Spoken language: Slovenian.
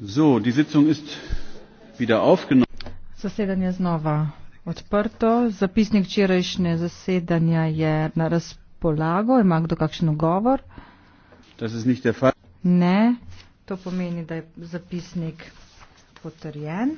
Zasedanje znova odprto. Zapisnik včerajšnje zasedanja je na razpolago. Ima kdo kakšen govor? Ne, to pomeni, da je zapisnik potrjen.